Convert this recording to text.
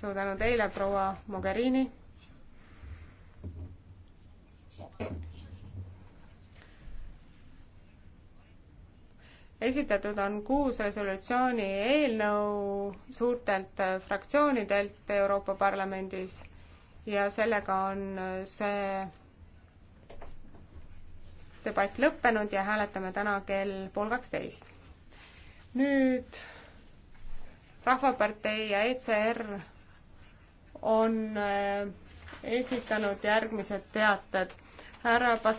suur tänu teile, proua Mogherini. esitatud on kuus resolutsiooni eelnõu suurtelt fraktsioonidelt Euroopa Parlamendis ja sellega on see debatt lõppenud ja hääletame täna kell pool kaksteist. nüüd Rahvapartei ja ECR on äh, esitanud järgmised teated. härra Pas-.